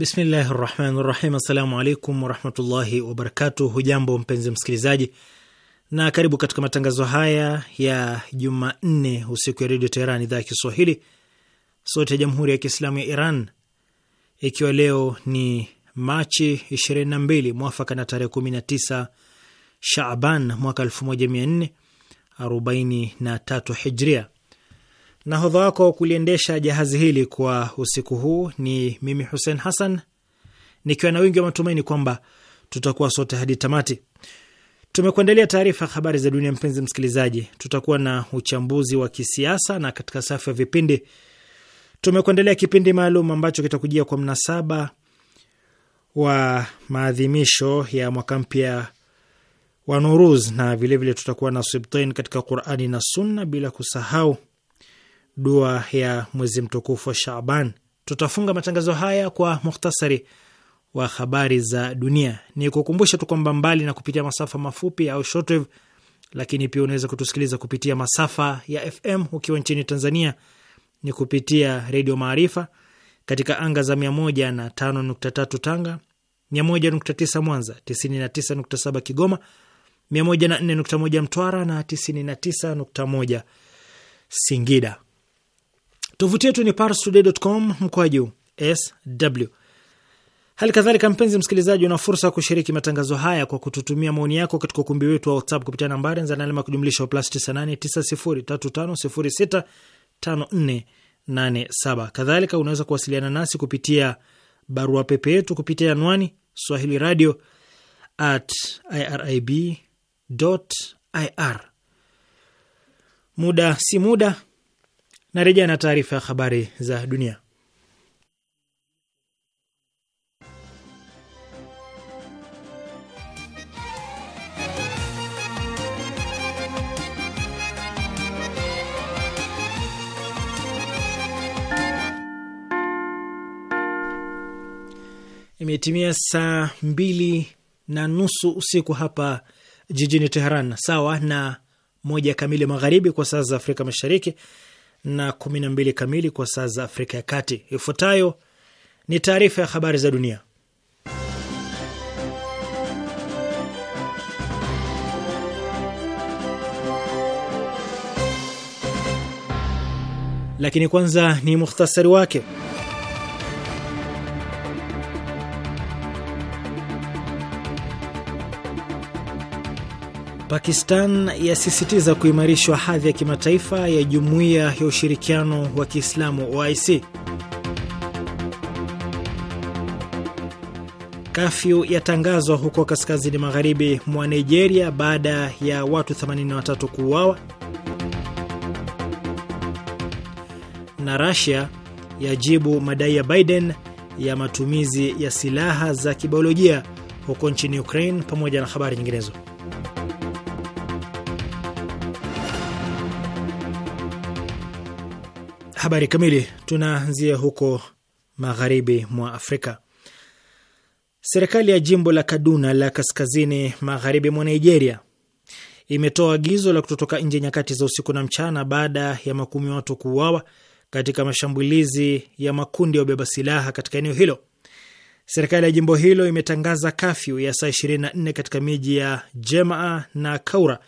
Bismillahi rahmani rahim. Assalamu alaikum warahmatullahi wabarakatuh. Hujambo mpenzi msikilizaji, na karibu katika matangazo haya ya Jumanne usiku ya Redio Teheran, idhaa ya Kiswahili, sauti ya Jamhuri ya Kiislamu ya Iran, ikiwa leo ni Machi 22 mwafaka na tarehe 19 Shaban mwaka 1443 Hijria. Nahodha wako wa kuliendesha jahazi hili kwa usiku huu ni mimi Hussein Hassan, nikiwa na wingi wa matumaini kwamba tutakuwa sote hadi tamati. Tumekuandalia taarifa habari za dunia. Mpenzi msikilizaji, tutakuwa na uchambuzi wa kisiasa, na katika safu ya vipindi tumekuandalia kipindi maalum ambacho kitakujia kwa mnasaba wa maadhimisho ya mwaka mpya wa Nuruz, na vilevile tutakuwa na sibtain katika Qurani na Sunna, bila kusahau dua ya mwezi mtukufu wa shaban Tutafunga matangazo haya kwa muhtasari wa habari za dunia. Ni kukumbusha tu kwamba mbali na kupitia masafa mafupi au shortwave, lakini pia unaweza kutusikiliza kupitia masafa ya FM ukiwa nchini Tanzania ni kupitia Redio Maarifa katika anga za 105.3 Tanga, 101.9 Mwanza, 99.7 Kigoma, 104.1 Mtwara na 99.1 Singida. Tovuti yetu ni parstoday.com mkwaju sw. Hali kadhalika, mpenzi msikilizaji, una fursa ya kushiriki matangazo haya kwa kututumia maoni yako katika ukumbi wetu wa WhatsApp kupitia nambari za alama kujumlisha plus 989035065487. Kadhalika unaweza kuwasiliana nasi kupitia barua pepe yetu kupitia anwani swahili radio at irib ir. Muda si muda Narejea na taarifa ya habari za dunia. Imetimia saa mbili na nusu usiku hapa jijini Teheran, sawa na moja kamili magharibi kwa saa za Afrika Mashariki na 12 kamili kwa saa za Afrika ya Kati. Ifuatayo ni taarifa ya habari za dunia, lakini kwanza ni mukhtasari wake. Pakistan yasisitiza kuimarishwa hadhi ya kimataifa ya Jumuiya ya Ushirikiano wa Kiislamu OIC. Kafyu yatangazwa huko kaskazini magharibi mwa Nigeria baada ya watu 83 kuuawa. Na Russia yajibu madai ya Biden ya matumizi ya silaha za kibiolojia huko nchini Ukraine, pamoja na habari nyinginezo. Habari kamili tunaanzia huko magharibi mwa Afrika. Serikali ya jimbo la Kaduna la kaskazini magharibi mwa Nigeria imetoa agizo la kutotoka nje nyakati za usiku na mchana baada ya makumi ya watu kuuawa katika mashambulizi ya makundi ya ubeba silaha katika eneo hilo. Serikali ya jimbo hilo imetangaza kafyu ya saa 24 katika miji ya Jemaa na Kaura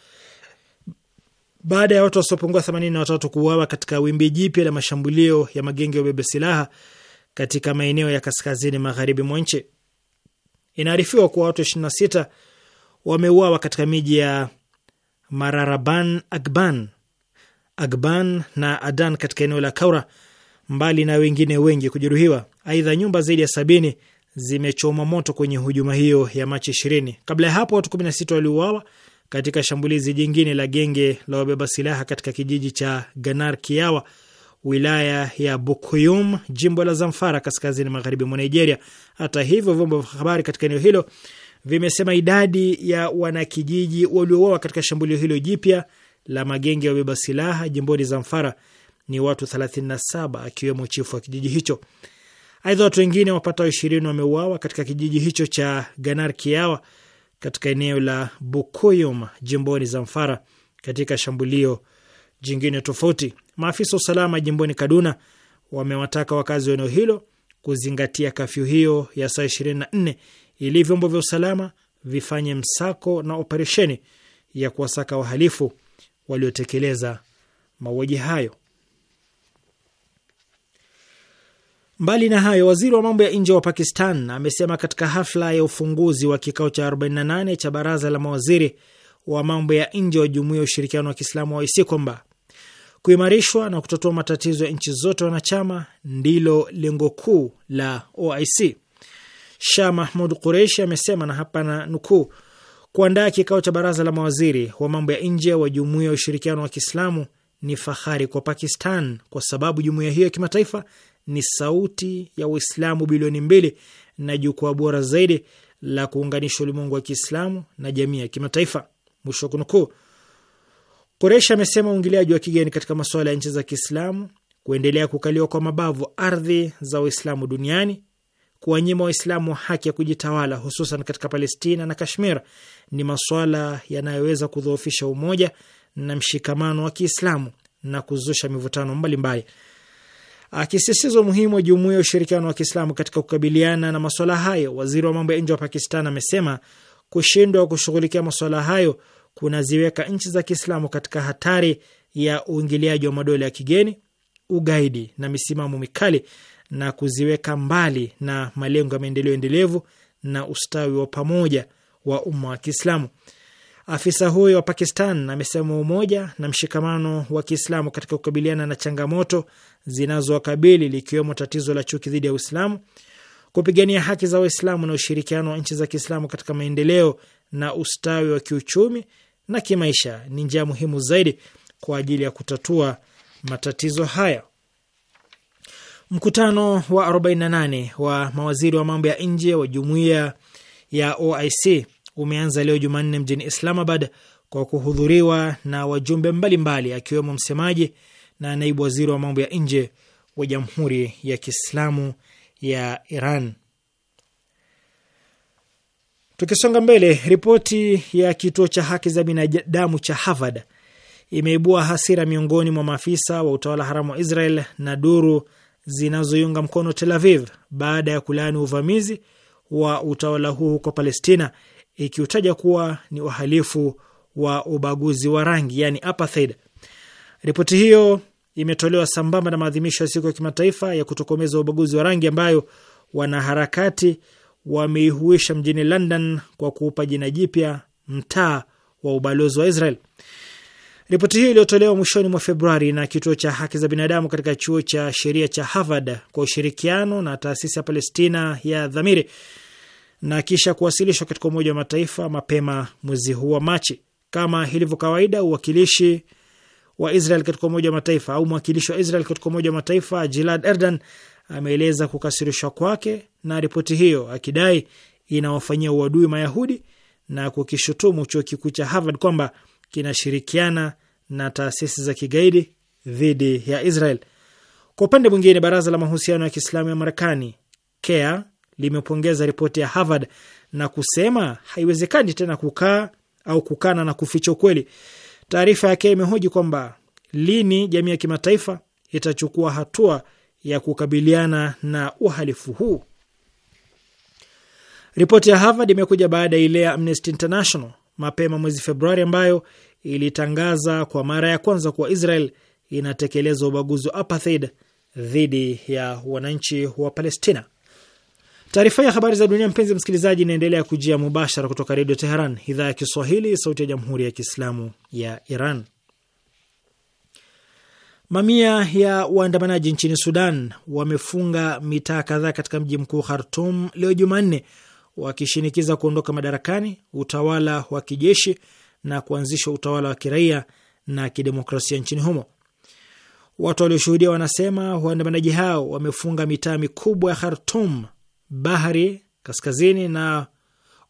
baada ya watu wasiopungua na watatu kuuawa katika wimbi jipya la mashambulio ya magenge ya ubebe silaha katika maeneo ya kaskazini magharibi mwa nchi. Inaarifiwa kuwa watu sita wameuawa katika miji ya Mararaban, Agban, Agban na Adan katika eneo la Kaura, mbali na wengine wengi kujeruhiwa. Aidha, nyumba zaidi ya sabini zimechoma moto kwenye hujuma hiyo ya Machi ishirini. Kabla ya hapo watu sita waliuawa katika shambulizi jingine la genge la wabeba silaha katika kijiji cha Ganar Kiawa, wilaya ya Bukuyum, jimbo la Zamfara, kaskazini magharibi mwa Nigeria. Hata hivyo, vyombo vya habari katika eneo hilo vimesema idadi ya wanakijiji waliouawa katika shambulio hilo jipya la magenge ya wabeba silaha jimboni Zamfara ni watu 37 akiwemo chifu wa kijiji hicho. Aidha, watu wengine wapatao ishirini wameuawa katika kijiji hicho cha Ganar Kiawa katika eneo la Bukuyum jimboni Zamfara katika shambulio jingine tofauti. Maafisa wa usalama jimboni Kaduna wamewataka wakazi wa eneo hilo kuzingatia kafyu hiyo ya saa ishirini na nne ili vyombo vya usalama vifanye msako na operesheni ya kuwasaka wahalifu waliotekeleza mauaji hayo. Mbali na hayo, waziri wa mambo ya nje wa Pakistan amesema katika hafla ya ufunguzi wa kikao cha 48 cha baraza la mawaziri wa mambo ya nje wa Jumuiya ya Ushirikiano wa Kiislamu OIC kwamba kuimarishwa na kutatua matatizo ya nchi zote wanachama ndilo lengo kuu la OIC. Shah Mahmud Qureshi amesema na hapa na nukuu, kuandaa kikao cha baraza la mawaziri wa mambo ya nje wa Jumuiya ya Ushirikiano wa Kiislamu ni fahari kwa Pakistan kwa sababu jumuiya hiyo ya kimataifa ni sauti ya Uislamu bilioni mbili na jukwaa bora zaidi la kuunganisha ulimwengu wa Kiislamu na jamii ya kimataifa. Mwisho wa kunukuu. Koresha amesema uingiliaji wa kigeni katika masuala ya nchi za Kiislamu, kuendelea kukaliwa kwa mabavu ardhi za Waislamu duniani, kuwanyima Waislamu haki ya kujitawala, hususan katika Palestina na Kashmir, ni masuala yanayoweza kudhoofisha umoja na mshikamano wa Kiislamu na kuzusha mivutano mbalimbali mbali akisisitiza umuhimu wa jumuiya ya ushirikiano wa Kiislamu katika kukabiliana na maswala hayo. Waziri wa mambo ya nje wa Pakistan amesema kushindwa kushughulikia maswala hayo kunaziweka nchi za Kiislamu katika hatari ya uingiliaji wa madola ya kigeni, ugaidi na misimamo mikali na kuziweka mbali na malengo ya maendeleo endelevu na ustawi wa pamoja wa umma wa Kiislamu. Afisa huyo wa Pakistan amesema umoja na mshikamano wa Kiislamu katika kukabiliana na changamoto zinazowakabili likiwemo tatizo la chuki dhidi ya Uislamu, kupigania haki za Waislamu na ushirikiano wa nchi za Kiislamu katika maendeleo na ustawi wa kiuchumi na kimaisha ni njia muhimu zaidi kwa ajili ya kutatua matatizo haya. Mkutano wa 48 wa mawaziri wa mambo ya nje wa jumuiya ya OIC umeanza leo Jumanne mjini Islamabad kwa kuhudhuriwa na wajumbe mbalimbali akiwemo msemaji na naibu waziri wa mambo ya nje wa Jamhuri ya Kiislamu ya Iran. Tukisonga mbele, ripoti ya kituo cha haki za binadamu cha Harvard imeibua hasira miongoni mwa maafisa wa utawala haramu wa Israel na duru zinazoiunga mkono Tel Aviv baada ya kulaani uvamizi wa utawala huu huko Palestina ikiutaja kuwa ni uhalifu wa ubaguzi wa rangi, yani apartheid. Ripoti hiyo imetolewa sambamba na maadhimisho ya siku ya kimataifa ya kutokomeza ubaguzi wa rangi ambayo wanaharakati wameihuisha mjini London kwa kuupa jina jipya mtaa wa ubalozi wa Israel. Ripoti hiyo iliyotolewa mwishoni mwa Februari na kituo cha haki za binadamu katika chuo cha sheria cha Harvard kwa ushirikiano na taasisi ya Palestina ya Dhamiri na kisha kuwasilishwa katika Umoja wa Mataifa mapema mwezi huu wa Machi. Kama ilivyo kawaida, uwakilishi wa Israel katika Umoja wa Mataifa au mwakilishi wa Israel katika Umoja wa Mataifa Gilad Erdan ameeleza kukasirishwa kwake na ripoti hiyo, akidai inawafanyia uadui Mayahudi na kukishutumu chuo kikuu cha Harvard kwamba kinashirikiana na taasisi za kigaidi dhidi ya Israel. Kwa upande mwingine, baraza la mahusiano ya Kiislamu ya Marekani limepongeza ripoti ya Harvard na kusema haiwezekani tena kukaa au kukana na kuficha ukweli. Taarifa yake imehoji kwamba lini jamii ya kimataifa itachukua hatua ya kukabiliana na uhalifu huu. Ripoti ya Harvard imekuja baada ya ile ya Amnesty International mapema mwezi Februari, ambayo ilitangaza kwa mara ya kwanza kuwa Israel inatekeleza ubaguzi wa apartheid dhidi ya wananchi wa Palestina. Taarifa ya habari za dunia, mpenzi msikilizaji, inaendelea kujia mubashara kutoka Redio Teheran, idhaa ya Kiswahili, sauti ya jamhuri ya kiislamu ya Iran. Mamia ya waandamanaji nchini Sudan wamefunga mitaa kadhaa katika mji mkuu Khartum leo Jumanne, wakishinikiza kuondoka madarakani utawala wa kijeshi na kuanzishwa utawala wa kiraia na kidemokrasia nchini humo. Watu walioshuhudia wanasema waandamanaji hao wamefunga mitaa mikubwa ya Khartum Bahari kaskazini na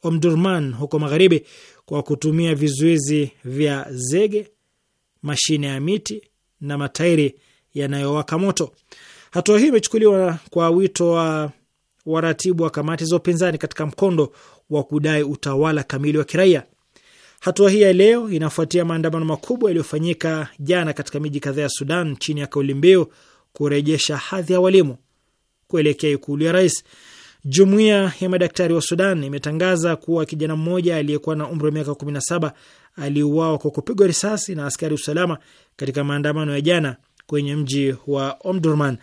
Omdurman huko magharibi kwa kutumia vizuizi vya zege, mashine ya miti na matairi yanayowaka moto. Hatua hii imechukuliwa kwa wito wa waratibu wa kamati za upinzani katika mkondo wa kudai utawala kamili wa kiraia. Hatua hii ya leo inafuatia maandamano makubwa yaliyofanyika jana katika miji kadhaa ya Sudan chini ya kauli mbiu kurejesha hadhi ya walimu kuelekea ikulu ya rais. Jumuiya ya madaktari wa Sudan imetangaza kuwa kijana mmoja aliyekuwa na umri wa miaka 17 aliuawa kwa kupigwa risasi na askari usalama katika maandamano ya jana kwenye mji wa Omdurman.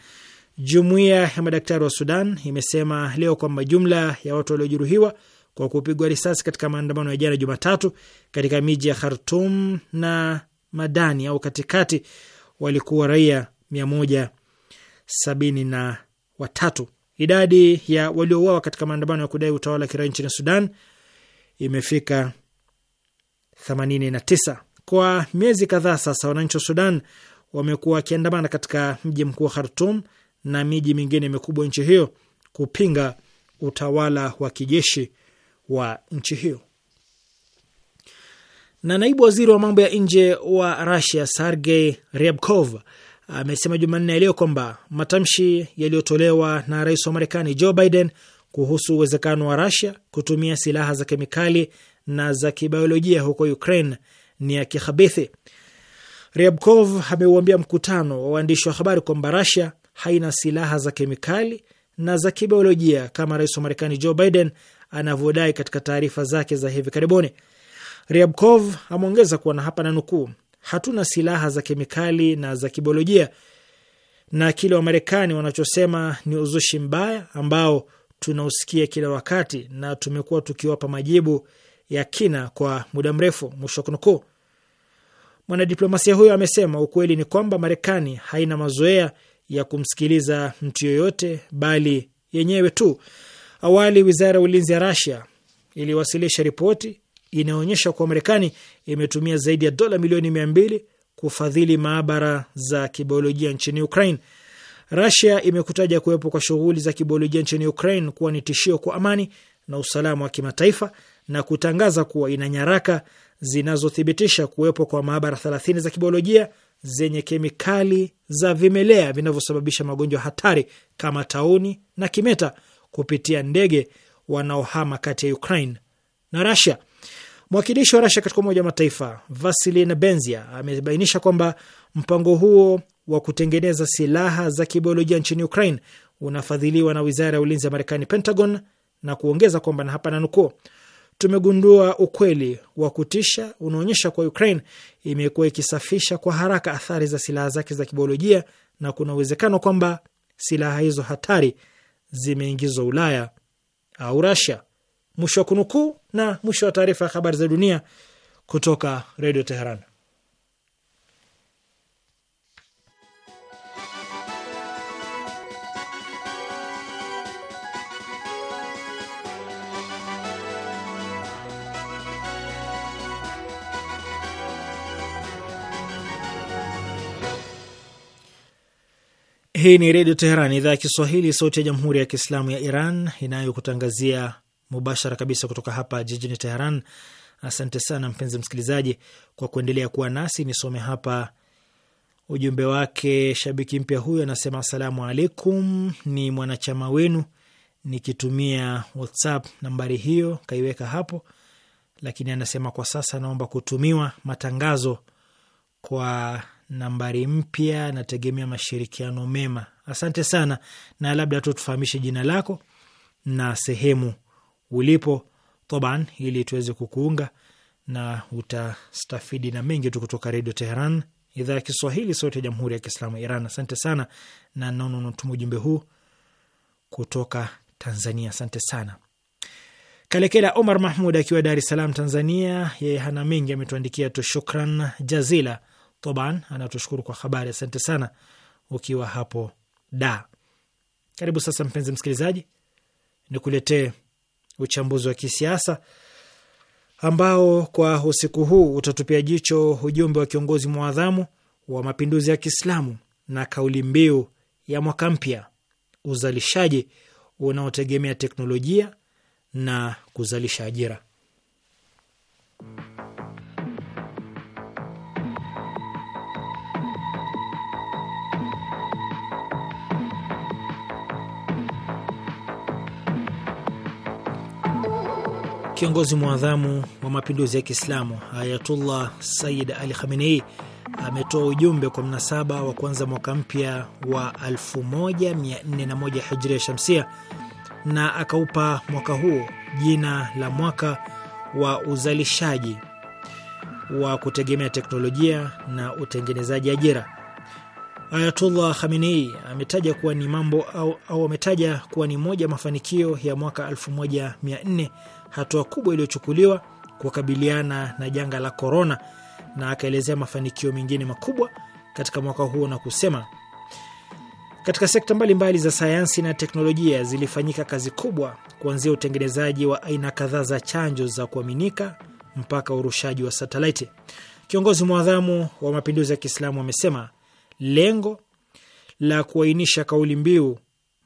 Jumuiya ya madaktari wa Sudan imesema leo kwamba jumla ya watu waliojeruhiwa kwa kupigwa risasi katika maandamano ya jana Jumatatu katika miji ya Khartum na Madani au katikati walikuwa raia mia moja sabini na watatu. Idadi ya waliouawa katika maandamano ya kudai utawala wa kiraia nchini Sudan imefika 89. Kwa miezi kadhaa sasa, wananchi wa Sudan wamekuwa wakiandamana katika mji mkuu wa Khartum na miji mingine mikubwa nchi hiyo kupinga utawala wa kijeshi wa nchi hiyo. Na naibu waziri wa mambo ya nje wa Rusia, Sergei Ryabkov amesema Jumanne yaliyo kwamba matamshi yaliyotolewa na rais wa Marekani Joe Biden kuhusu uwezekano wa rasia kutumia silaha za kemikali na za kibiolojia huko Ukraine ni ya kihabithi. Ryabkov ameuambia mkutano wa waandishi wa habari kwamba rasia haina silaha za kemikali na za kibiolojia kama rais wa Marekani Joe Biden anavyodai katika taarifa zake za hivi karibuni. Ryabkov ameongeza kuwa na hapa na nukuu, hatuna silaha za kemikali na za kibiolojia, na kile Wamarekani wanachosema ni uzushi mbaya ambao tunausikia kila wakati na tumekuwa tukiwapa majibu ya kina kwa muda mrefu, mwisho wa kunukuu. Mwanadiplomasia huyo amesema ukweli ni kwamba Marekani haina mazoea ya kumsikiliza mtu yoyote bali yenyewe tu. Awali, wizara ya ulinzi ya Rasia iliwasilisha ripoti inaonyesha kuwa Marekani imetumia zaidi ya dola milioni mia mbili kufadhili maabara za kibiolojia nchini Ukraine. Rasia imekutaja kuwepo kwa shughuli za kibiolojia nchini Ukraine kuwa ni tishio kwa amani na usalama wa kimataifa na kutangaza kuwa ina nyaraka zinazothibitisha kuwepo kwa maabara thelathini za kibiolojia zenye kemikali za vimelea vinavyosababisha magonjwa hatari kama tauni na kimeta kupitia ndege wanaohama kati ya Ukraine na Rasia. Mwakilishi wa Rasha katika Umoja wa Mataifa vasili Benzia amebainisha kwamba mpango huo wa kutengeneza silaha za kibiolojia nchini Ukraine unafadhiliwa na wizara ya ulinzi ya Marekani, Pentagon, na kuongeza kwamba, na hapa nanukuu, tumegundua ukweli wa kutisha unaonyesha kuwa Ukraine imekuwa ikisafisha kwa haraka athari za silaha zake za kibiolojia na kuna uwezekano kwamba silaha hizo hatari zimeingizwa Ulaya au Rasia. Mwisho wa kunukuu na mwisho wa taarifa ya habari za dunia kutoka Redio Teheran. Hii ni Redio Teheran, idhaa ya Kiswahili, sauti ya Jamhuri ya Kiislamu ya Iran inayokutangazia mubashara kabisa kutoka hapa jijini Teheran. Asante sana mpenzi msikilizaji kwa kuendelea kuwa nasi. Nisome hapa ujumbe wake. Shabiki mpya huyo, anasema asalamu alaikum, ni mwanachama wenu nikitumia WhatsApp nambari hiyo, kaiweka hapo, lakini anasema kwa sasa naomba kutumiwa matangazo kwa nambari mpya, nategemea mashirikiano mema. Asante sana, na labda tu tufahamishe jina lako na sehemu ulipo taban, ili tuweze kukuunga na utastafidi na mengi tu kutoka Redio Teheran, idhaa ya Kiswahili, sauti ya Jamhuri ya Kiislamu ya Iran. Asante sana, na naona unatuma ujumbe huu kutoka Tanzania. Asante sana. Kalekela Omar Mahmud akiwa Dar es Salaam, Tanzania, yeye hana mengi, ametuandikia tu shukran jazila. Taban anatushukuru kwa habari, asante sana ukiwa hapo da. Karibu sasa, mpenzi msikilizaji, nikuletee uchambuzi wa kisiasa ambao kwa usiku huu utatupia jicho ujumbe wa kiongozi mwadhamu wa mapinduzi ya Kiislamu na kauli mbiu ya mwaka mpya, uzalishaji unaotegemea teknolojia na kuzalisha ajira. Kiongozi mwadhamu wa mapinduzi ya Kiislamu Ayatullah Sayyid Ali Khamenei ametoa ujumbe kwa mnasaba wa kuanza mwaka mpya wa hijri ya Shamsia na akaupa mwaka huo jina la mwaka wa uzalishaji wa kutegemea teknolojia na utengenezaji ajira. Ayatullah Khamenei ametaja kuwa ni mambo au, au ametaja kuwa ni moja mafanikio ya mwaka hatua kubwa iliyochukuliwa kukabiliana na janga la korona, na akaelezea mafanikio mengine makubwa katika mwaka huo na kusema katika sekta mbalimbali mbali za sayansi na teknolojia zilifanyika kazi kubwa, kuanzia utengenezaji wa aina kadhaa za chanjo za kuaminika mpaka urushaji wa satelaiti. Kiongozi mwadhamu wa mapinduzi ya Kiislamu amesema lengo la kuainisha kauli mbiu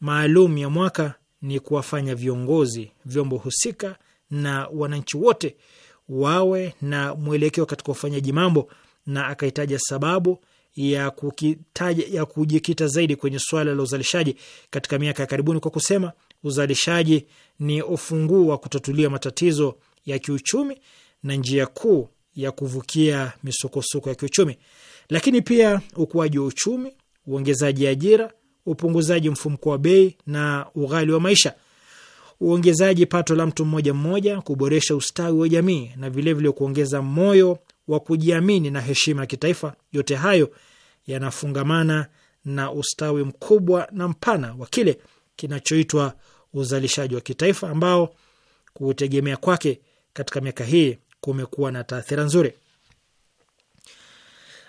maalum ya mwaka ni kuwafanya viongozi, vyombo husika na wananchi wote wawe na mwelekeo katika ufanyaji mambo, na akahitaja sababu ya, kukitaja, ya kujikita zaidi kwenye swala la uzalishaji katika miaka ya karibuni kwa kusema uzalishaji ni ufunguo wa kutatulia matatizo ya kiuchumi na njia kuu ya kuvukia misukosuko ya kiuchumi, lakini pia ukuaji wa uchumi, uongezaji ajira, upunguzaji mfumko wa bei na ughali wa maisha uongezaji pato la mtu mmoja mmoja, kuboresha ustawi wa jamii na vilevile vile kuongeza moyo wa kujiamini na heshima ya kitaifa. Yote hayo yanafungamana na ustawi mkubwa na mpana wa kile kinachoitwa uzalishaji wa kitaifa ambao kutegemea kwake katika miaka hii kumekuwa na taathira nzuri.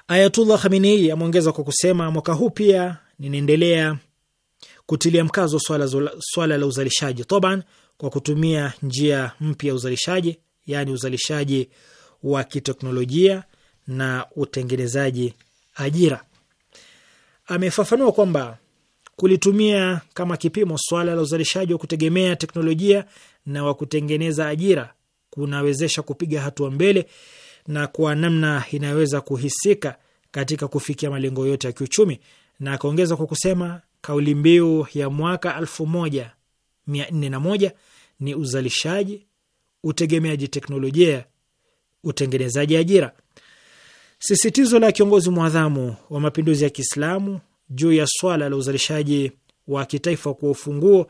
Ayatullah Khamenei ameongeza kwa kusema, mwaka huu pia ninaendelea kutilia mkazo swala, swala la uzalishaji toban kwa kutumia njia mpya ya uzalishaji, yaani uzalishaji wa kiteknolojia na utengenezaji ajira. Amefafanua kwamba kulitumia kama kipimo swala la uzalishaji wa kutegemea teknolojia na wa kutengeneza ajira kunawezesha kupiga hatua mbele na kwa namna inayoweza kuhisika katika kufikia malengo yote ya kiuchumi, na akaongeza kwa kusema kauli mbiu ya mwaka elfu moja mia nne na moja ni uzalishaji, utegemeaji teknolojia, utengenezaji ajira. Sisitizo la kiongozi mwadhamu wa mapinduzi ya Kiislamu juu ya swala la uzalishaji wa kitaifa kwa ufunguo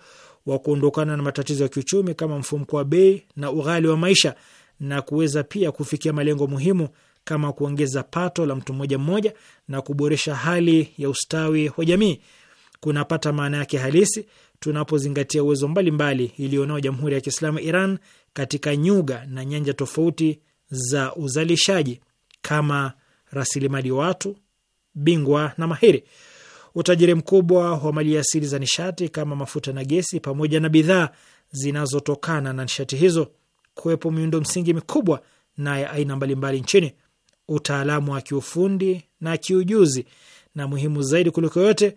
wa kuondokana na matatizo ya kiuchumi kama mfumko wa bei na ughali wa maisha na kuweza pia kufikia malengo muhimu kama kuongeza pato la mtu mmoja mmoja na kuboresha hali ya ustawi wa jamii kunapata maana yake halisi tunapozingatia uwezo mbalimbali iliyonao Jamhuri ya Kiislamu Iran katika nyuga na nyanja tofauti za uzalishaji kama rasilimali watu, bingwa na mahiri, utajiri mkubwa wa mali asili za nishati kama mafuta na gesi, pamoja na bidhaa zinazotokana na nishati hizo, kuwepo miundo msingi mikubwa na ya aina mbalimbali nchini, utaalamu wa kiufundi na kiujuzi, na muhimu zaidi kuliko yote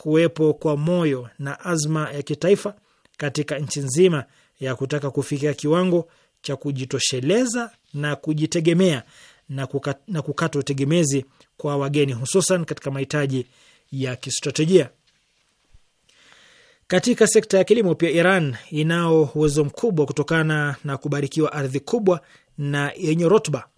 kuwepo kwa moyo na azma ya kitaifa katika nchi nzima ya kutaka kufikia kiwango cha kujitosheleza na kujitegemea na, kuka, na kukata utegemezi kwa wageni hususan katika mahitaji ya kistratejia. Katika sekta ya kilimo pia, Iran inao uwezo mkubwa kutokana na kubarikiwa ardhi kubwa na yenye rutuba,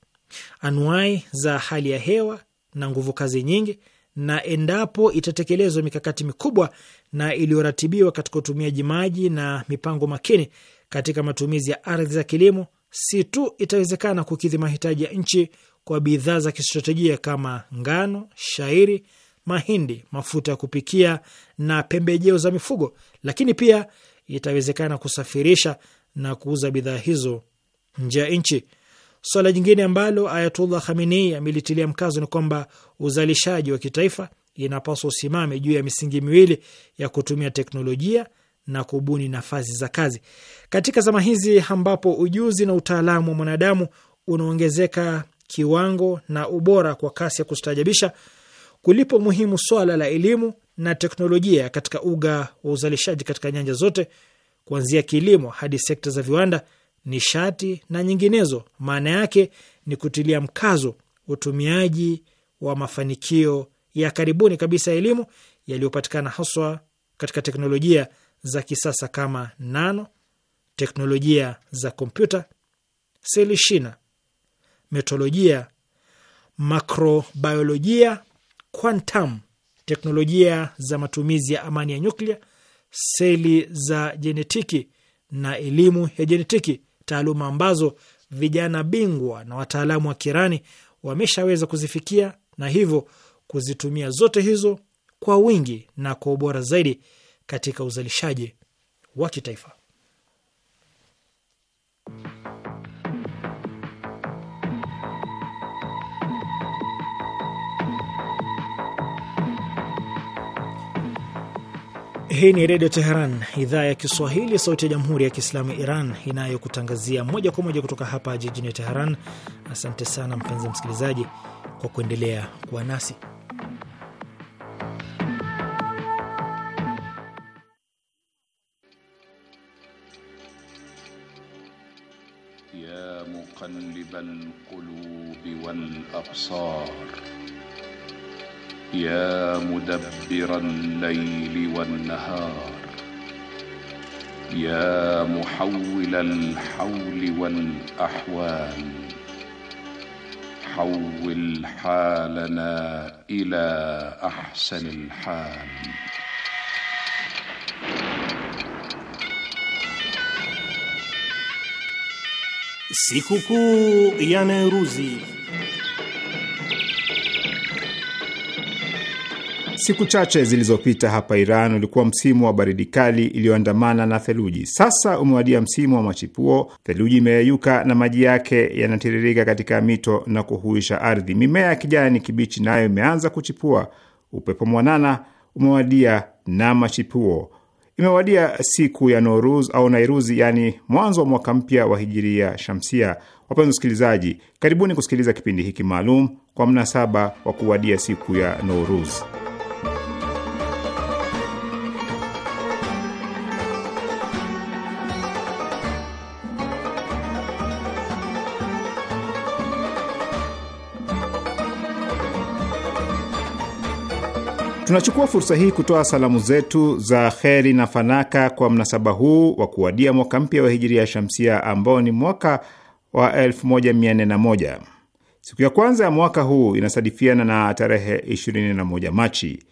anuai za hali ya hewa na nguvu kazi nyingi, na endapo itatekelezwa mikakati mikubwa na iliyoratibiwa katika utumiaji maji na mipango makini katika matumizi ya ardhi za kilimo, si tu itawezekana kukidhi mahitaji ya nchi kwa bidhaa za kistratejia kama ngano, shairi, mahindi, mafuta ya kupikia na pembejeo za mifugo, lakini pia itawezekana kusafirisha na kuuza bidhaa hizo nje ya nchi. Swala jingine ambalo Ayatullah Khamenei amelitilia mkazo ni kwamba uzalishaji wa kitaifa inapaswa usimame juu ya misingi miwili ya kutumia teknolojia na kubuni nafasi za kazi. Katika zama hizi ambapo ujuzi na utaalamu wa mwanadamu unaongezeka kiwango na ubora kwa kasi ya kustajabisha kulipo muhimu swala la elimu na teknolojia katika uga wa uzalishaji katika nyanja zote, kuanzia kilimo hadi sekta za viwanda, nishati na nyinginezo. Maana yake ni kutilia mkazo utumiaji wa mafanikio ya karibuni kabisa ya elimu yaliyopatikana haswa katika teknolojia za kisasa kama nano, teknolojia za kompyuta, seli shina, metolojia, makrobiolojia, quantum, teknolojia za matumizi ya amani ya nyuklia, seli za jenetiki na elimu ya jenetiki, taaluma ambazo vijana bingwa na wataalamu wa Kirani wameshaweza kuzifikia na hivyo kuzitumia zote hizo kwa wingi na kwa ubora zaidi katika uzalishaji wa kitaifa. Hii ni Redio Teheran, idhaa ya Kiswahili, sauti ya Jamhuri ya Kiislamu Iran, inayokutangazia moja kwa moja kutoka hapa jijini Teheran. Asante sana mpenzi msikilizaji kwa kuendelea kuwa nasi. Ya muqallibal qulubi wal absar ya mudabbiral layli wan nahar يا محول الحول والاحوال حول حالنا الى احسن الحال سيكوكو يا نيروزي Siku chache zilizopita hapa Iran ulikuwa msimu wa baridi kali iliyoandamana na theluji. Sasa umewadia msimu wa machipuo, theluji imeyeyuka na maji yake yanatiririka katika mito na kuhuisha ardhi. Mimea ya kijani kibichi nayo imeanza kuchipua. Upepo mwanana umewadia na machipuo. Imewadia siku ya Noruz au Nairuzi, yaani mwanzo wa mwaka mpya wa hijiria shamsia. Wapenzi wasikilizaji, karibuni kusikiliza kipindi hiki maalum kwa mnasaba wa kuwadia siku ya Noruz. Tunachukua fursa hii kutoa salamu zetu za kheri na fanaka kwa mnasaba huu wa kuwadia mwaka mpya wa hijiria ya shamsia ambao ni mwaka wa 1401. Siku ya kwanza ya mwaka huu inasadifiana na tarehe 21 Machi.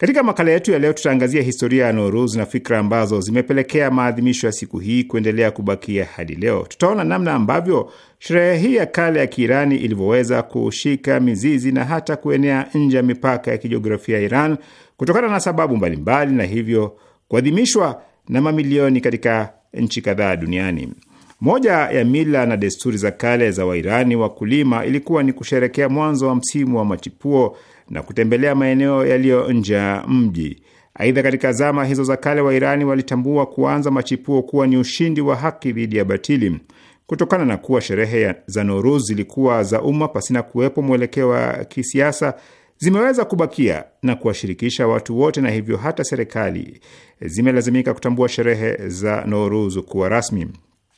Katika makala yetu ya leo tutaangazia historia ya Noruz na fikra ambazo zimepelekea maadhimisho ya siku hii kuendelea kubakia hadi leo. Tutaona namna ambavyo sherehe hii ya kale ya Kiirani ilivyoweza kushika mizizi na hata kuenea nje ya mipaka ya kijiografia ya Iran kutokana na sababu mbalimbali, na hivyo kuadhimishwa na mamilioni katika nchi kadhaa duniani. Moja ya mila na desturi za kale za Wairani wakulima ilikuwa ni kusherekea mwanzo wa msimu wa machipuo na kutembelea maeneo yaliyo nje ya mji. Aidha, katika zama hizo za kale wa irani walitambua kuanza machipuo kuwa ni ushindi wa haki dhidi ya batili, kutokana na kuwa sherehe za Noruz zilikuwa za umma pasina kuwepo mwelekeo wa kisiasa zimeweza kubakia na kuwashirikisha watu wote, na hivyo hata serikali zimelazimika kutambua sherehe za Noruz kuwa rasmi.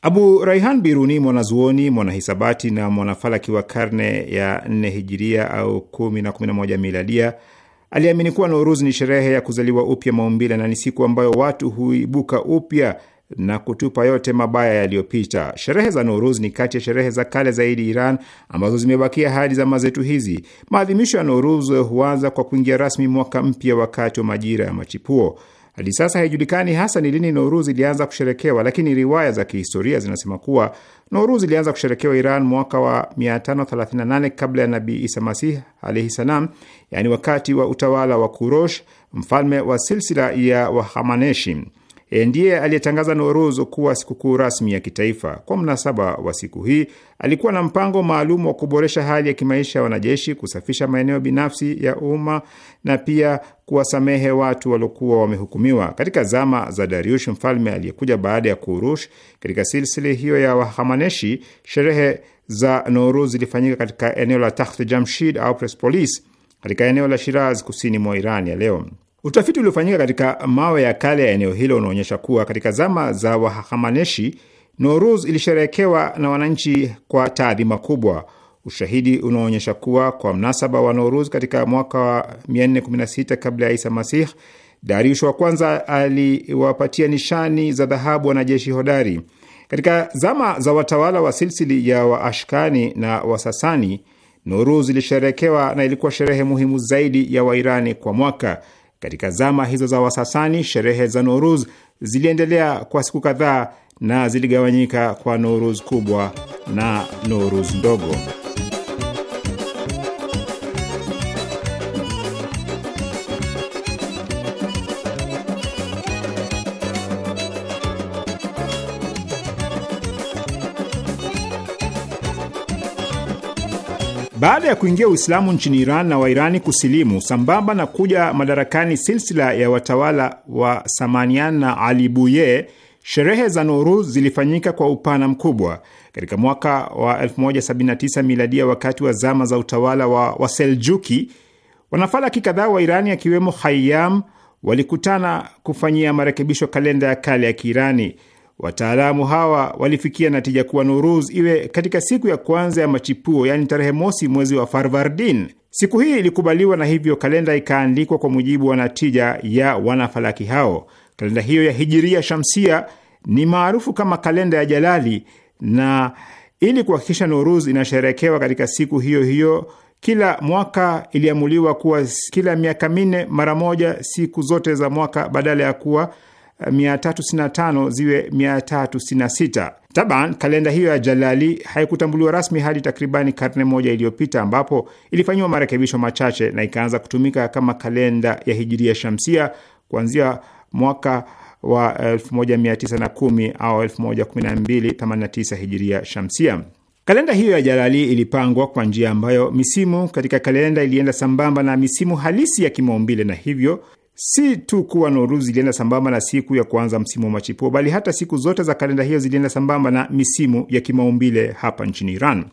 Abu Raihan Biruni, mwanazuoni, mwanahisabati na mwanafalaki wa karne ya nne hijiria au kumi na kumi na moja miladia aliamini kuwa Nowruz ni sherehe ya kuzaliwa upya maumbile na ni siku ambayo watu huibuka upya na kutupa yote mabaya yaliyopita. Sherehe za Nowruz ni kati ya sherehe za kale zaidi Iran ambazo zimebakia hadi zama zetu hizi. Maadhimisho ya Nowruz huanza kwa kuingia rasmi mwaka mpya wakati wa majira ya machipuo. Hadi sasa haijulikani hasa ni lini Nowruz ilianza kusherekewa, lakini riwaya za kihistoria zinasema kuwa Nowruz ilianza kusherekewa Iran mwaka wa 538 kabla ya Nabii Isa Masih alaihi salam, yaani wakati wa utawala wa Kurosh, mfalme wa silsila ya Wahamaneshi. E, ndiye aliyetangaza Nowruz kuwa sikukuu rasmi ya kitaifa. Kwa mnasaba wa siku hii, alikuwa na mpango maalum wa kuboresha hali ya kimaisha ya wanajeshi, kusafisha maeneo binafsi ya umma na pia kuwasamehe watu waliokuwa wamehukumiwa. Katika zama za Dariush, mfalme aliyekuja baada ya Kurush katika silsili hiyo ya Wahamaneshi, sherehe za Nowruz zilifanyika katika eneo la Takht Jamshid au Persepolis katika eneo la Shiraz kusini mwa Iran ya leo. Utafiti uliofanyika katika mawe ya kale ya eneo hilo unaonyesha kuwa katika zama za Wahakamaneshi, Noruz ilisherehekewa na wananchi kwa taadhima kubwa. Ushahidi unaonyesha kuwa kwa mnasaba wa Noruz katika mwaka wa 416 kabla ya Isa Masih, Dariush wa kwanza aliwapatia nishani za dhahabu wanajeshi hodari. Katika zama za watawala wa silsili ya Waashkani na Wasasani, Noruz ilisherehekewa na ilikuwa sherehe muhimu zaidi ya Wairani kwa mwaka. Katika zama hizo za Wasasani, sherehe za Noruz ziliendelea kwa siku kadhaa na ziligawanyika kwa Noruz kubwa na Noruz ndogo. Baada ya kuingia Uislamu nchini Iran na Wairani kusilimu sambamba na kuja madarakani silsila ya watawala wa Samanian na Alibuye, sherehe za noru zilifanyika kwa upana mkubwa. Katika mwaka wa 1079 miladia, wakati wa zama za utawala wa Waseljuki, wanafalaki kadhaa wa Irani akiwemo hayam walikutana kufanyia marekebisho kalenda ya kale ya Kiirani. Wataalamu hawa walifikia natija kuwa Nuruz iwe katika siku ya kwanza ya machipuo, yaani tarehe mosi mwezi wa Farvardin. Siku hii ilikubaliwa na hivyo kalenda ikaandikwa kwa mujibu wa natija ya wanafalaki hao. Kalenda hiyo ya hijiria shamsia ni maarufu kama kalenda ya Jalali, na ili kuhakikisha Nuruz inasherekewa katika siku hiyo hiyo kila mwaka, iliamuliwa kuwa kila miaka minne mara moja siku zote za mwaka badala ya kuwa 365 ziwe 366. Taban, kalenda hiyo ya Jalali haikutambuliwa rasmi hadi takribani karne moja iliyopita, ambapo ilifanyiwa marekebisho machache na ikaanza kutumika kama kalenda ya hijiria shamsia kuanzia mwaka wa 1910 au 1129 hijiria shamsia. Kalenda hiyo ya Jalali ilipangwa kwa njia ambayo misimu katika kalenda ilienda sambamba na misimu halisi ya kimaumbile na hivyo Si tu kuwa Noruz zilienda sambamba na siku ya kuanza msimu wa machipuo, bali hata siku zote za kalenda hiyo zilienda sambamba na misimu ya kimaumbile hapa nchini Iran.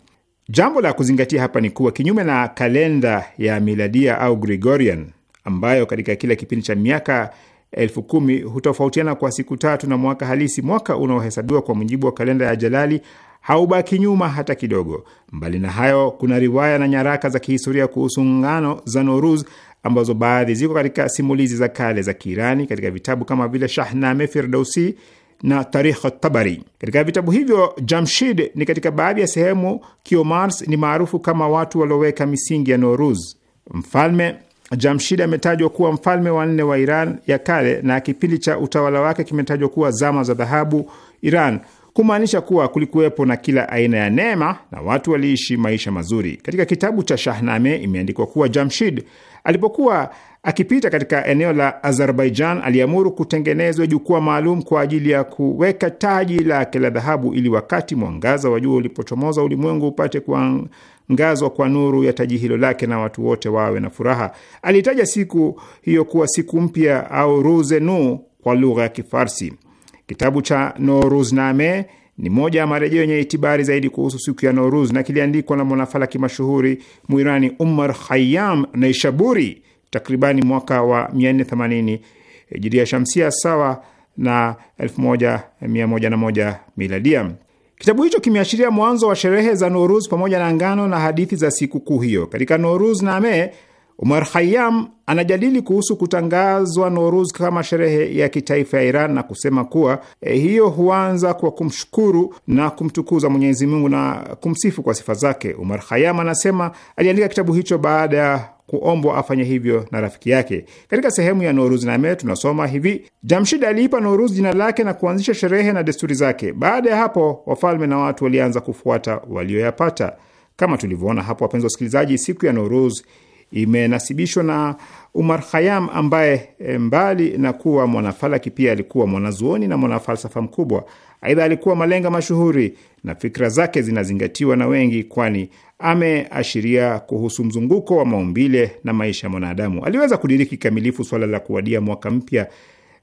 Jambo la kuzingatia hapa ni kuwa kinyume na kalenda ya miladia au Gregorian ambayo katika kila kipindi cha miaka elfu kumi hutofautiana kwa siku tatu na mwaka halisi, mwaka unaohesabiwa kwa mujibu wa kalenda ya Jalali haubaki nyuma hata kidogo. Mbali na hayo, kuna riwaya na nyaraka za kihistoria kuhusu ngano za Noruz ambazo baadhi ziko katika simulizi za kale za Kiirani katika vitabu kama vile Shahname Firdausi na Tarikh Tabari. Katika vitabu hivyo, Jamshid ni katika baadhi ya sehemu, Kiomars ni maarufu kama watu walioweka misingi ya Noruz. Mfalme Jamshid ametajwa kuwa mfalme wa nne wa Iran ya kale na kipindi cha utawala wake kimetajwa kuwa zama za dhahabu Iran kumaanisha kuwa kulikuwepo na kila aina ya neema na watu waliishi maisha mazuri. Katika kitabu cha Shahname imeandikwa kuwa Jamshid alipokuwa akipita katika eneo la Azerbaijan aliamuru kutengenezwa jukwaa maalum kwa ajili ya kuweka taji lake la dhahabu, ili wakati mwangaza wa jua ulipochomoza ulimwengu upate kuangazwa kwa nuru ya taji hilo lake na watu wote wawe na furaha. Aliitaja siku hiyo kuwa siku mpya au Ruzenu kwa lugha ya Kifarsi. Kitabu cha name ni moja ya marejeo yenye itibari zaidi kuhusu siku ya Noruz na kiliandikwa na mwanafalaki mashuhuri Mwirani Umar Khayyam Naishaburi takribani mwaka wa 480 Hijiria Shamsia, sawa na 1101 Miladia. Kitabu hicho kimeashiria mwanzo wa sherehe za Noruz pamoja na ngano na hadithi za sikukuu hiyo. Katika Noruz Name Umar Khayam anajadili kuhusu kutangazwa Noruz kama sherehe ya kitaifa ya Iran na kusema kuwa eh, hiyo huanza kwa kumshukuru na kumtukuza Mwenyezi Mungu na kumsifu kwa sifa zake. Umar khayam anasema aliandika kitabu hicho baada ya kuombwa afanye hivyo na rafiki yake. Katika sehemu ya Noruz Name tunasoma hivi: Jamshid aliipa Noruz jina lake na kuanzisha sherehe na desturi zake. Baada ya hapo, wafalme na watu walianza kufuata walioyapata. Kama tulivyoona hapo, wapenzi wasikilizaji, siku ya Noruz imenasibishwa na Umar Khayam ambaye eh, mbali na kuwa mwanafalaki pia alikuwa mwanazuoni na mwanafalsafa mkubwa. Aidha, alikuwa malenga mashuhuri na fikra zake zinazingatiwa na wengi, kwani ameashiria kuhusu mzunguko wa maumbile na maisha ya mwanadamu. Aliweza kudiriki kikamilifu swala la kuwadia mwaka mpya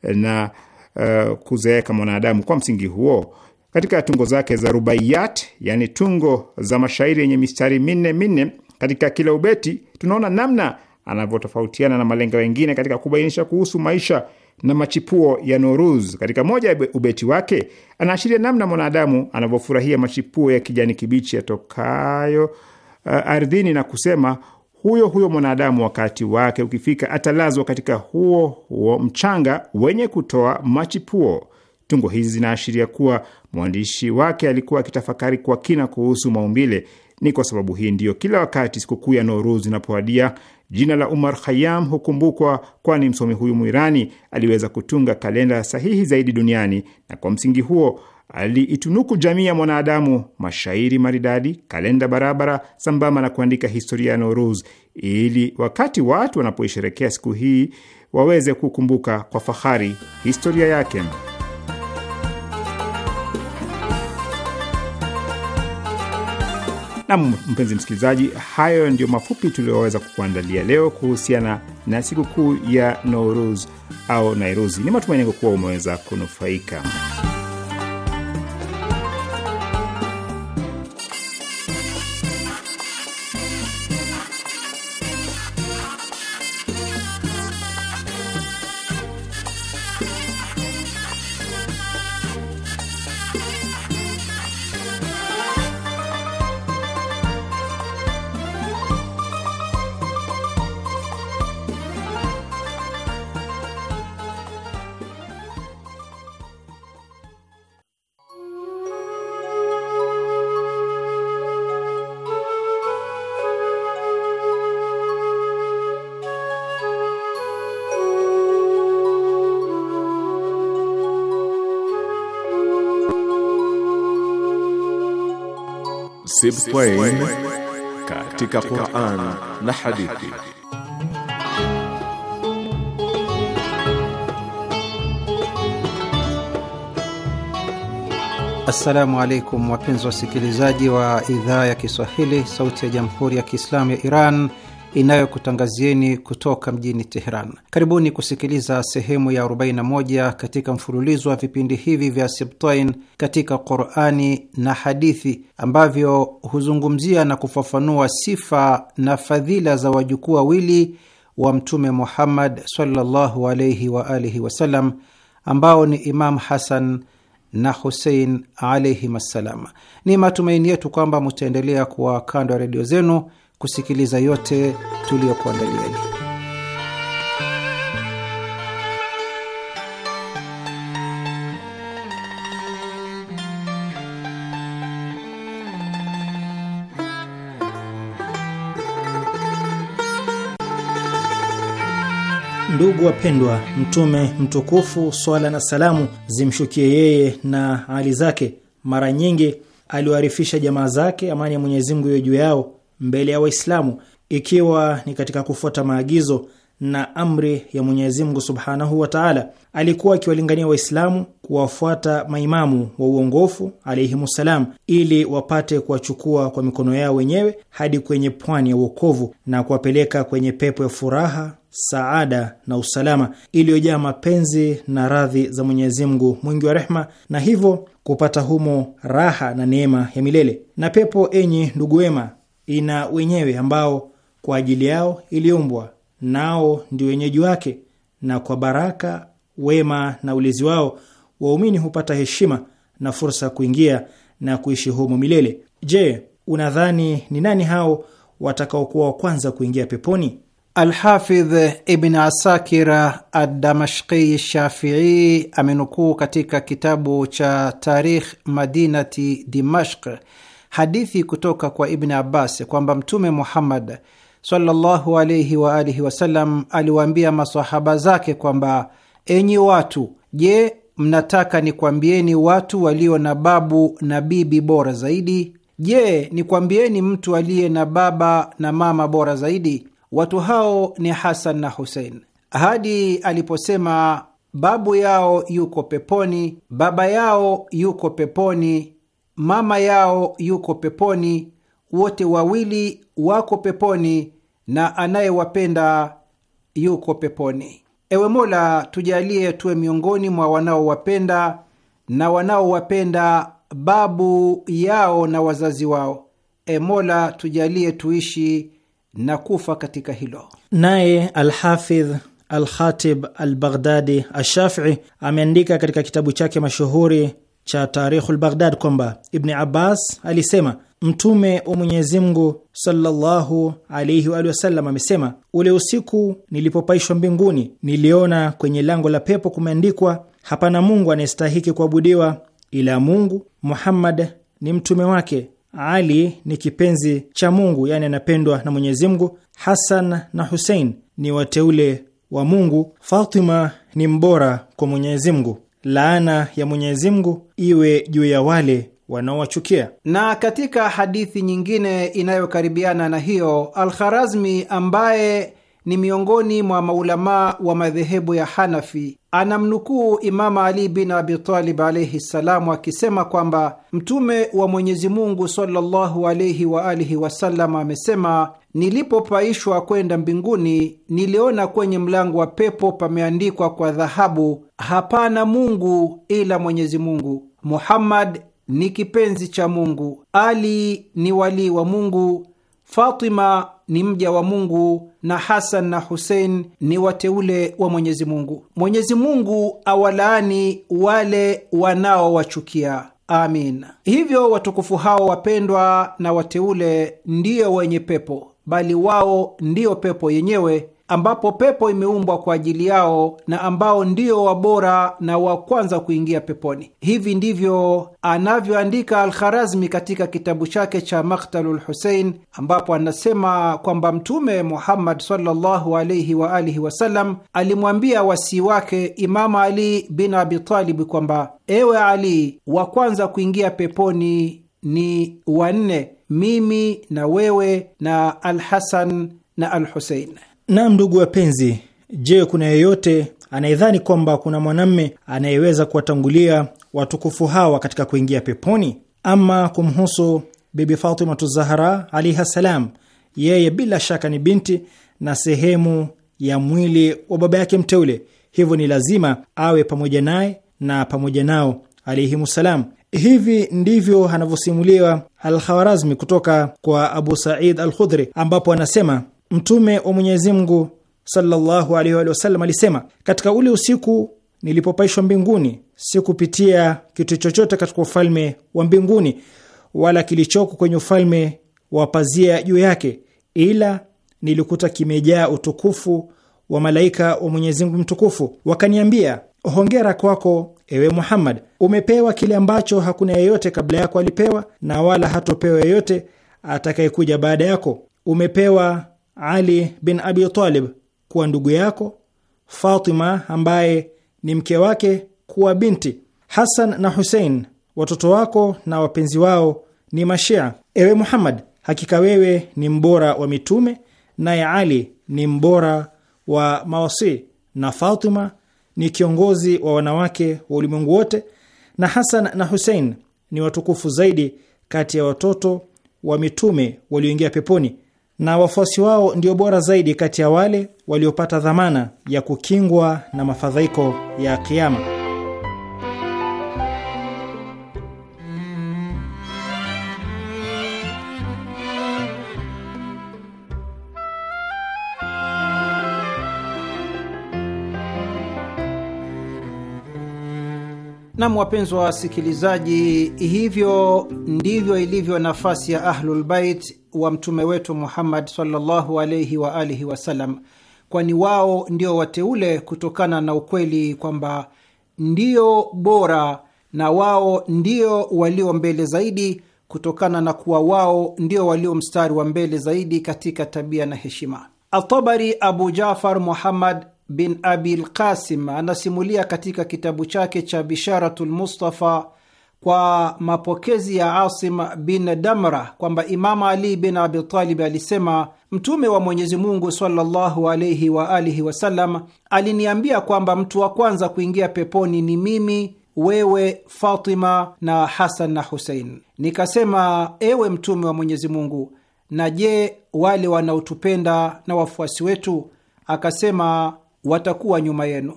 eh, na uh, kuzeeka mwanadamu. Kwa msingi huo katika tungo zake za rubaiyat, yani tungo za mashairi yenye mistari minne minne katika kila ubeti tunaona namna anavyotofautiana na malenga wengine katika kubainisha kuhusu maisha na machipuo ya Noruz. Katika moja ya ubeti wake anaashiria namna mwanadamu anavyofurahia machipuo ya kijani kibichi yatokayo uh, ardhini na kusema, huyo huyo mwanadamu wakati wake ukifika atalazwa katika huo huo mchanga wenye kutoa machipuo. Tungo hizi zinaashiria kuwa mwandishi wake alikuwa akitafakari kwa kina kuhusu maumbile ni kwa sababu hii ndiyo kila wakati sikukuu ya Noruz inapoadia jina la Umar Khayam hukumbukwa, kwani msomi huyu Mwirani aliweza kutunga kalenda sahihi zaidi duniani, na kwa msingi huo aliitunuku jamii ya mwanadamu mashairi maridadi, kalenda barabara, sambamba na kuandika historia ya Noruz ili wakati watu wanapoisherekea siku hii waweze kukumbuka kwa fahari historia yake. nam mpenzi msikilizaji, hayo ndio mafupi tuliyoweza kukuandalia leo kuhusiana na sikukuu ya Nouruz au Nairuzi. Ni matumaini yangu kuwa umeweza kunufaika. Sib katika Qur'an na hadithi. Assalamu alaikum wapenzi wasikilizaji wa idhaa ya Kiswahili sauti ya Jamhuri ya Kiislamu ya Iran inayokutangazieni kutoka mjini Teheran. Karibuni kusikiliza sehemu ya 41 katika mfululizo wa vipindi hivi vya Sibtain katika Qurani na hadithi ambavyo huzungumzia na kufafanua sifa na fadhila za wajukuu wawili wa Mtume Muhammad sallallahu wa alihi wasallam ambao ni Imam Hasan na Husein alaihim assalam. Ni matumaini yetu kwamba mutaendelea kuwa kando ya redio zenu kusikiliza yote tuliyokuandalieni. Ndugu wapendwa, Mtume mtukufu swala na salamu zimshukie yeye na ali zake, mara nyingi aliwaarifisha jamaa zake, amani ya Mwenyezi Mungu iwe juu yao mbele ya Waislamu, ikiwa ni katika kufuata maagizo na amri ya Mwenyezi Mungu subhanahu wa taala. Alikuwa akiwalingania Waislamu kuwafuata maimamu wa uongofu alaihimussalam, ili wapate kuwachukua kwa mikono yao wenyewe hadi kwenye pwani ya uokovu na kuwapeleka kwenye pepo ya furaha, saada na usalama iliyojaa mapenzi na radhi za Mwenyezi Mungu mwingi wa rehma, na hivyo kupata humo raha na neema ya milele na pepo. Enyi ndugu wema ina wenyewe ambao kwa ajili yao iliumbwa, nao ndio wenyeji wake, na kwa baraka, wema na ulezi wao waumini hupata heshima na fursa ya kuingia na kuishi humo milele. Je, unadhani ni nani hao watakaokuwa wa kwanza kuingia peponi? Alhafidh Ibn Asakira Adamashqi Shafii amenukuu katika kitabu cha Tarikh Madinati Dimashq hadithi kutoka kwa Ibn Abbas kwamba Mtume Muhammad sallallahu alayhi wa alihi wasallam aliwaambia masahaba zake kwamba, enyi watu, je, mnataka nikwambieni watu walio na babu na bibi bora zaidi? Je, nikwambieni mtu aliye na baba na mama bora zaidi? Watu hao ni Hasan na Husein, hadi aliposema babu yao yuko peponi, baba yao yuko peponi mama yao yuko peponi, wote wawili wako peponi na anayewapenda yuko peponi. Ewe Mola, tujalie tuwe miongoni mwa wanaowapenda na wanaowapenda babu yao na wazazi wao. E Mola, tujalie tuishi na kufa katika hilo. Naye Alhafidh Alkhatib Albaghdadi Ashafii ameandika katika kitabu chake mashuhuri cha Tarikhul Baghdad kwamba Ibni Abbas alisema Mtume wa Mwenyezi Mungu sallallahu wa amesema, ule usiku nilipopaishwa mbinguni niliona kwenye lango la pepo kumeandikwa, hapana Mungu anayestahiki kuabudiwa ila Mungu, Muhammad ni mtume wake, Ali ni kipenzi cha Mungu, yaani anapendwa na Mwenyezi Mungu, Hasan na Husein ni wateule wa Mungu, Fatima ni mbora kwa Mwenyezi Mungu laana ya Mwenyezi Mungu iwe juu ya wale wanaowachukia. Na katika hadithi nyingine inayokaribiana na hiyo, Alkharazmi ambaye ni miongoni mwa maulamaa wa madhehebu ya Hanafi anamnukuu Imama Ali bin Abitalib alaihi ssalamu akisema kwamba Mtume wa Mwenyezi Mungu sallallahu alaihi wasallam amesema, nilipopaishwa kwenda mbinguni niliona kwenye mlango wa pepo pameandikwa kwa dhahabu, hapana Mungu ila Mwenyezi Mungu, Muhammad ni kipenzi cha Mungu, Ali ni walii wa Mungu, Fatima ni mja wa Mungu na Hasan na Husein ni wateule wa Mwenyezi Mungu. Mwenyezi Mungu awalaani wale wanaowachukia. Amin. Hivyo watukufu hao wapendwa na wateule ndiyo wenye pepo, bali wao ndiyo pepo yenyewe ambapo pepo imeumbwa kwa ajili yao na ambao ndio wabora na wa kwanza kuingia peponi. Hivi ndivyo anavyoandika Alkharazmi katika kitabu chake cha Maktalul Husein, ambapo anasema kwamba Mtume Muhammad sallallahu alaihi wa alihi wasallam alimwambia wasii wake Imamu Ali bin Abitalib kwamba ewe Ali, wa kwanza kuingia peponi ni wanne, mimi na wewe na Alhasan na Alhusein. Na ndugu wapenzi, je, kuna yeyote anayedhani kwamba kuna mwanamme anayeweza kuwatangulia watukufu hawa katika kuingia peponi? Ama kumhusu Bibi Fatimatu Zahra alaihi ssalam, yeye bila shaka ni binti na sehemu ya mwili wa baba yake mteule, hivyo ni lazima awe pamoja naye na pamoja nao alaihimu ssalam. Hivi ndivyo anavyosimuliwa Alkhawarazmi kutoka kwa Abu Said Al-Khudri, ambapo anasema Mtume wa Mwenyezi Mungu sallallahu alaihi wa sallam alisema, katika ule usiku nilipopaishwa mbinguni, sikupitia kitu chochote katika ufalme wa mbinguni wala kilichoko kwenye ufalme wa pazia juu yake, ila nilikuta kimejaa utukufu wa malaika wa Mwenyezi Mungu mtukufu. Wakaniambia, hongera kwako ewe Muhammad, umepewa kile ambacho hakuna yeyote kabla yako alipewa, na wala hatopewa yeyote atakayekuja baada yako. Umepewa ali bin Abi Talib kuwa ndugu yako, Fatima ambaye ni mke wake kuwa binti, Hasan na Husein watoto wako na wapenzi wao ni Mashia. Ewe Muhammad, hakika wewe ni mbora wa mitume, naye Ali ni mbora wa mawasi na Fatima ni kiongozi wa wanawake wa ulimwengu wote, na Hasan na Husein ni watukufu zaidi kati ya watoto wa mitume walioingia peponi na wafuasi wao ndio bora zaidi kati ya wale waliopata dhamana ya kukingwa na mafadhaiko ya Kiama. Nam, wapenzi wa wasikilizaji, hivyo ndivyo ilivyo nafasi ya Ahlulbait wa mtume wetu Muhammad sallallahu alaihi wa alihi wasallam, kwani wao ndio wateule kutokana na ukweli kwamba ndio bora na wao ndio walio mbele zaidi kutokana na kuwa wao ndio walio mstari wa mbele zaidi katika tabia na heshima. Atabari Abu Jafar Muhammad bin Abil Qasim anasimulia katika kitabu chake cha Bisharatu lmustafa kwa mapokezi ya Asim bin Damra kwamba Imamu Ali bin Abitalib alisema Mtume wa Mwenyezi Mungu sallallahu alaihi wa alihi wasallam aliniambia kwamba mtu wa kwanza kuingia peponi ni mimi, wewe, Fatima na Hasan na Husein. Nikasema, ewe Mtume wa Mwenyezi Mungu, na je, wale wanaotupenda na wafuasi wetu? Akasema, watakuwa nyuma yenu.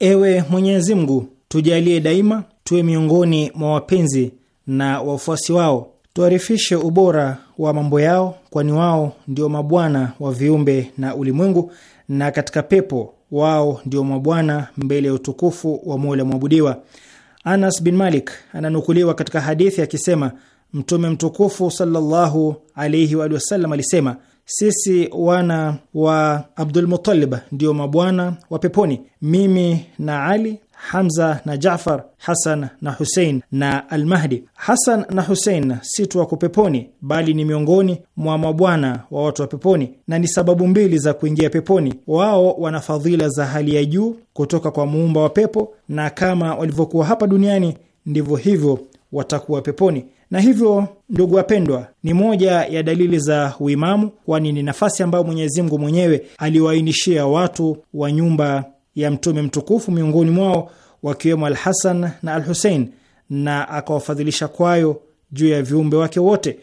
Ewe Mwenyezi Mungu, tujalie daima tuwe miongoni mwa wapenzi na wafuasi wao, tuarifishe ubora wa mambo yao, kwani wao ndio mabwana wa viumbe na ulimwengu, na katika pepo wao ndio mabwana mbele ya utukufu wa Mola mwabudiwa. Anas bin Malik ananukuliwa katika hadithi akisema, Mtume mtukufu sallallahu alaihi wa wasallam alisema sisi wana wa Abdulmutalib ndio mabwana wa peponi, mimi na Ali, Hamza na Jafar, Hasan na Husein na Almahdi. Hasan na Husein si tu wako peponi, bali ni miongoni mwa mabwana wa watu wa peponi, na ni sababu mbili za kuingia peponi. Wao wana fadhila za hali ya juu kutoka kwa muumba wa pepo, na kama walivyokuwa hapa duniani ndivyo hivyo watakuwa peponi. Na hivyo ndugu wapendwa, ni moja ya dalili za uimamu, kwani ni nafasi ambayo Mwenyezi Mungu mwenyewe aliwaainishia watu wa nyumba ya mtume mtukufu, miongoni mwao wakiwemo alhasan na alhusein na akawafadhilisha kwayo juu ya viumbe wake wote.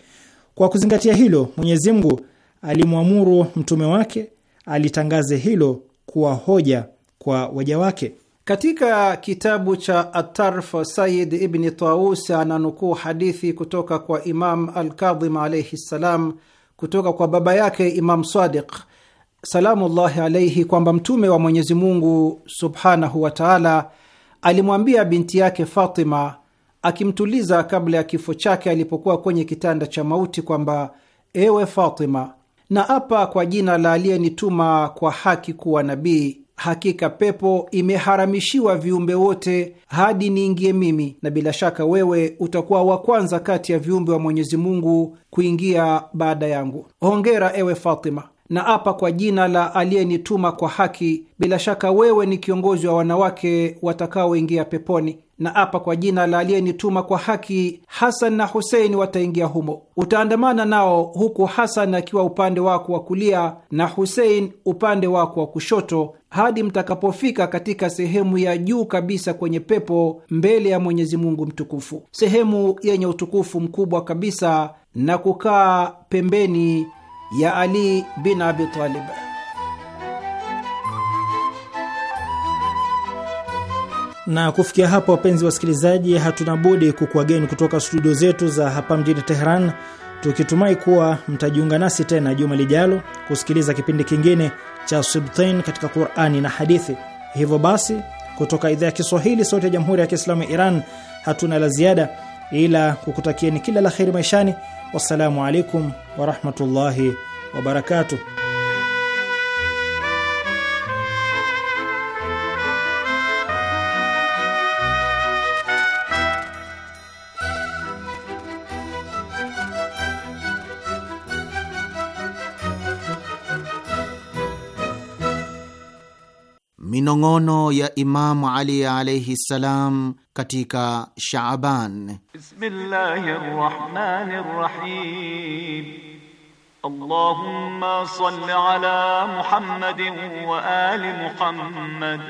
Kwa kuzingatia hilo, Mwenyezi Mungu alimwamuru mtume wake alitangaze hilo kuwa hoja kwa waja wake. Katika kitabu cha Atarf, Sayid Ibni Taus ananukuu hadithi kutoka kwa Imam Alkadhim alaihi ssalam kutoka kwa baba yake Imam Sadiq salamullahi alaihi kwamba Mtume wa Mwenyezi Mungu subhanahu wa taala alimwambia binti yake Fatima akimtuliza kabla ya kifo chake alipokuwa kwenye kitanda cha mauti kwamba ewe Fatima, na apa kwa jina la aliyenituma kwa haki kuwa nabii Hakika pepo imeharamishiwa viumbe wote hadi niingie mimi, na bila shaka wewe utakuwa wa kwanza kati ya viumbe wa Mwenyezi Mungu kuingia baada yangu. Hongera ewe Fatima, na apa kwa jina la aliyenituma kwa haki, bila shaka wewe ni kiongozi wa wanawake watakaoingia peponi na apa kwa jina la aliyenituma kwa haki, Hasan na Husein wataingia humo. Utaandamana nao huku Hasan akiwa upande wako wa kulia na Husein upande wako wa kushoto hadi mtakapofika katika sehemu ya juu kabisa kwenye pepo mbele ya Mwenyezi Mungu mtukufu, sehemu yenye utukufu mkubwa kabisa, na kukaa pembeni ya Ali bin Abi Talib. Na kufikia hapo, wapenzi wasikilizaji, hatuna budi kukuageni kutoka studio zetu za hapa mjini Teheran, tukitumai kuwa mtajiunga nasi tena juma lijalo kusikiliza kipindi kingine cha Sibtain katika Qurani na Hadithi. Hivyo basi, kutoka idhaa ya Kiswahili, Sauti ya Jamhuri ya Kiislamu ya Iran, hatuna la ziada ila kukutakieni kila la kheri maishani. Wassalamu alaikum warahmatullahi wabarakatuh. minong'ono ya Imamu Ali alaihi ssalam katika Shaaban. Bismillahi rahmani rahim. Allahumma salli ala Muhammadin wa ali Muhammad.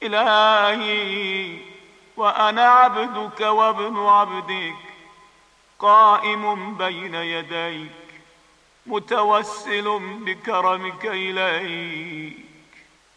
Ilahi wa ana abduka wa ibnu abdik qaimun bayna yadayk mutawassilun bikarmika ilayk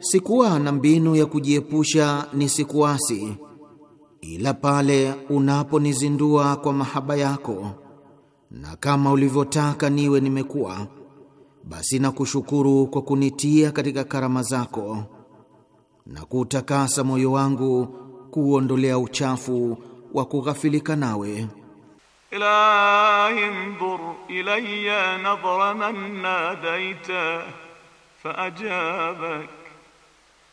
sikuwa na mbinu ya kujiepusha nisikuasi, ila pale unaponizindua kwa mahaba yako, na kama ulivyotaka niwe nimekuwa, basi nakushukuru kwa kunitia katika karama zako na kuutakasa moyo wangu kuuondolea uchafu wa kughafilika nawe. Ilahi ndur ilayya nadhra man nadaita faajabak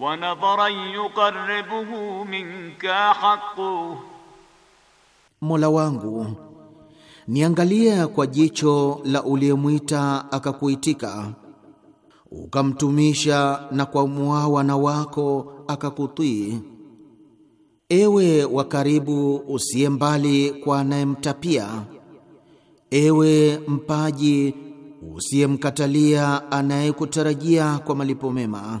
wanadhara yuqarribuhu minka haqqu, Mola wangu niangalia kwa jicho la uliyemwita akakuitika, ukamtumisha na kwa muawana wako akakutii. Ewe wa karibu usiye mbali kwa anayemtapia, ewe mpaji usiyemkatalia anayekutarajia kwa malipo mema.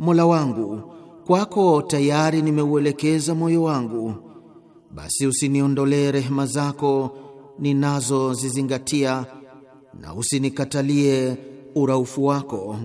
Mola wangu, kwako tayari nimeuelekeza moyo wangu, basi usiniondolee rehema zako ninazozizingatia, na usinikatalie uraufu wako.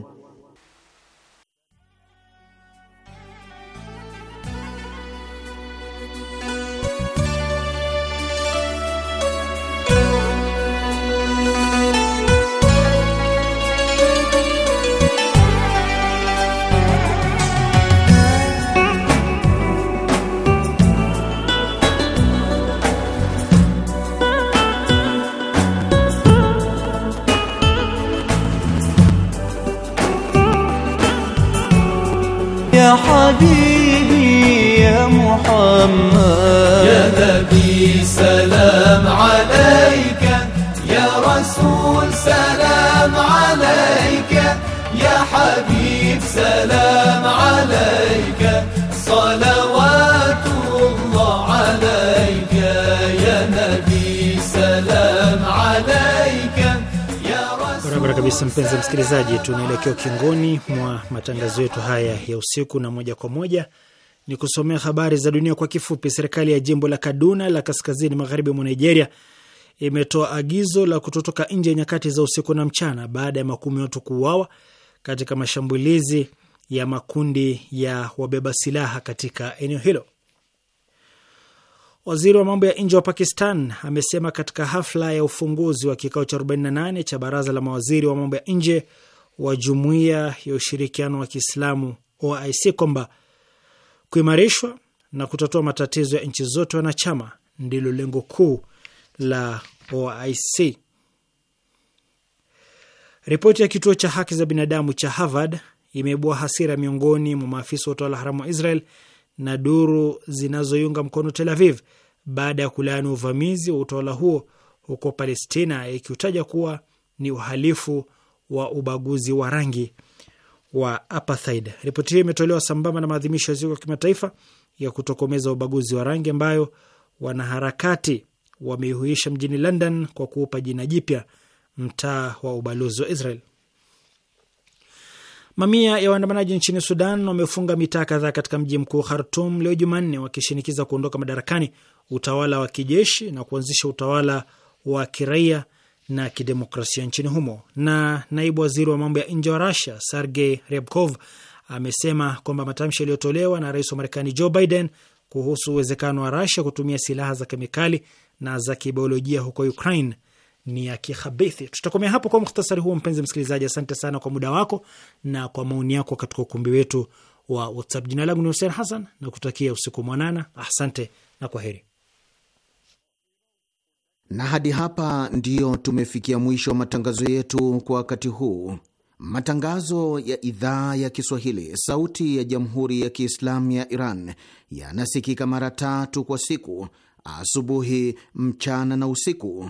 حبيبي يا محمد يا نبي سلام عليك يا رسول سلام kabisa mpenzi msikilizaji, tunaelekea ukingoni mwa matangazo yetu haya ya usiku, na moja kwa moja ni kusomea habari za dunia kwa kifupi. Serikali ya jimbo la Kaduna la kaskazini magharibi mwa Nigeria imetoa agizo la kutotoka nje nyakati za usiku na mchana baada ya makumi watu kuuawa katika mashambulizi ya makundi ya wabeba silaha katika eneo hilo. Waziri wa mambo ya nje wa Pakistan amesema katika hafla ya ufunguzi wa kikao cha 48 cha baraza la mawaziri wa mambo ya nje wa jumuiya ya ushirikiano wa Kiislamu OIC kwamba kuimarishwa na kutatua matatizo ya nchi zote wanachama ndilo lengo kuu la OIC. Ripoti ya kituo cha haki za binadamu cha Harvard imeibua hasira miongoni mwa maafisa wa utawala haramu wa Israel na duru zinazoiunga mkono Tel Aviv baada ya kulaani uvamizi wa utawala huo huko Palestina, ikiutaja kuwa ni uhalifu wa ubaguzi wa rangi wa apartheid. Ripoti hiyo imetolewa sambamba na maadhimisho ya siku ya kimataifa ya kutokomeza ubaguzi wa rangi ambayo wanaharakati wameihuisha mjini London kwa kuupa jina jipya mtaa wa ubalozi wa Israel. Mamia ya waandamanaji nchini Sudan wamefunga mitaa kadhaa katika mji mkuu Khartum leo Jumanne, wakishinikiza kuondoka madarakani utawala wa kijeshi na kuanzisha utawala wa kiraia na kidemokrasia nchini humo. Na naibu waziri wa mambo ya nje wa Rusia Sergei Ryabkov amesema kwamba matamshi yaliyotolewa na rais wa Marekani Joe Biden kuhusu uwezekano wa Rusia kutumia silaha za kemikali na za kibiolojia huko Ukraine ni ya kihabithi. Tutakomea hapo kwa mukhtasari huo, mpenzi msikilizaji. Asante sana kwa muda wako na kwa maoni yako katika ukumbi wetu wa WhatsApp. Jina langu ni Hussein Hassan na kutakia usiku mwanana. Asante na kwa heri. Na hadi hapa ndiyo tumefikia mwisho wa matangazo yetu kwa wakati huu. Matangazo ya idhaa ya Kiswahili, sauti ya jamhuri ya kiislamu ya Iran yanasikika mara tatu kwa siku: asubuhi, mchana na usiku.